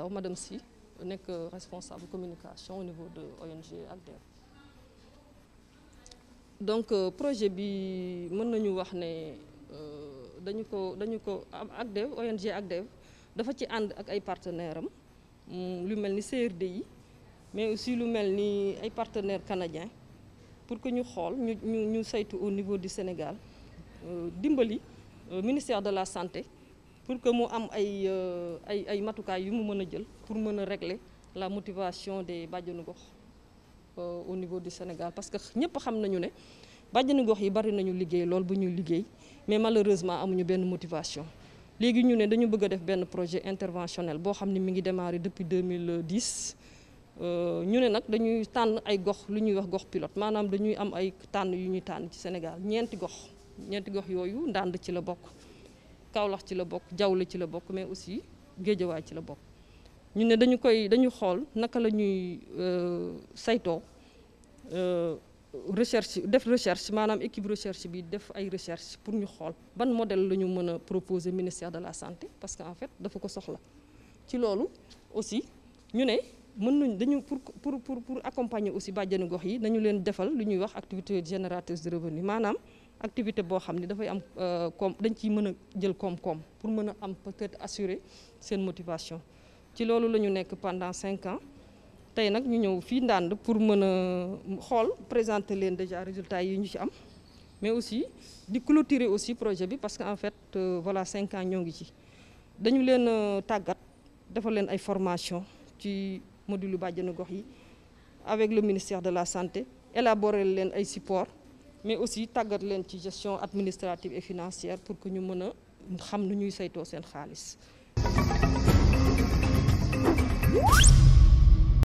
Ndaw madame nekk responsable communication au niveau de ONG ACDER donc euh, projet bi mën nañu wax ne euh, dañu ko dañu ko ACDER ONG ACDER dafa ci ànd ak ay partenaires am mm, lu mel ni CRDI mais aussi lu mel ni ay partenaires canadiens pour que ñu xool ñu ñu ñu saytu au niveau du Sénégal euh, dimbali ministère de la santé pour que mu am ay euh, ay ay matukaay yu mu mën a jël pour mën a régler la motivation des bàjjenu gox euh, au niveau du Sénégal parce que ñëpp xam nañu ne bàjjenu gox yi bari nañu liggéey lool bu ñuy liggéey mais malheureusement amuñu benn motivation. léegi ñu ne dañu bëgg a def benn projet interventionnel boo xam ni mi ngi démarré depuis 2010 euh, ñu ne nag dañuy tànn ay gox lu ñuy wax gox pilote maanaam dañuy am ay tànn yu ñuy tànn ci Sénégal ñeenti gox ñeenti gox yooyu ndànd ci la bokk. Kaolack ci la bokk Diawla ci la bokk mais aussi Géejawaay ci la bokk ñu ne dañu koy dañu xool naka la ñuy euh, saytoo euh, recherche def recherche maanaam équipe recherche bi def ay recherche pour ñu xool ban modèle la ñu mën a proposer ministère de la santé parce que en fait dafa ko soxla ci loolu aussi ñu ne mën nañ dañu pour pour pour accompagner aussi bàjjenu gox yi dañu leen defal lu ñuy wax activité génératrice de revenu maanaam activité boo xam ne dafay am euh, koom dañ ciy mën a jël koom-koom pour mën a am peut-être assurer seen motivation ci loolu la ñu nekk pendant cinq ans tey nag ñu ñëw fii ndànd pour mën a xool présenter leen déjà résultats yi ñu ci am mais aussi di clôturer aussi projet bi parce que en fait euh, voilà cinq ans ñoo ngi ci dañu leen euh, tàggat defal leen ay formation ci module bàjjenu gox yi avec le ministère de la santé élaborer leen ay support mais aussi tàggat leen ci gestion administrative et financière pour que ñu mën a xam nu ñuy saytoo seen xaalis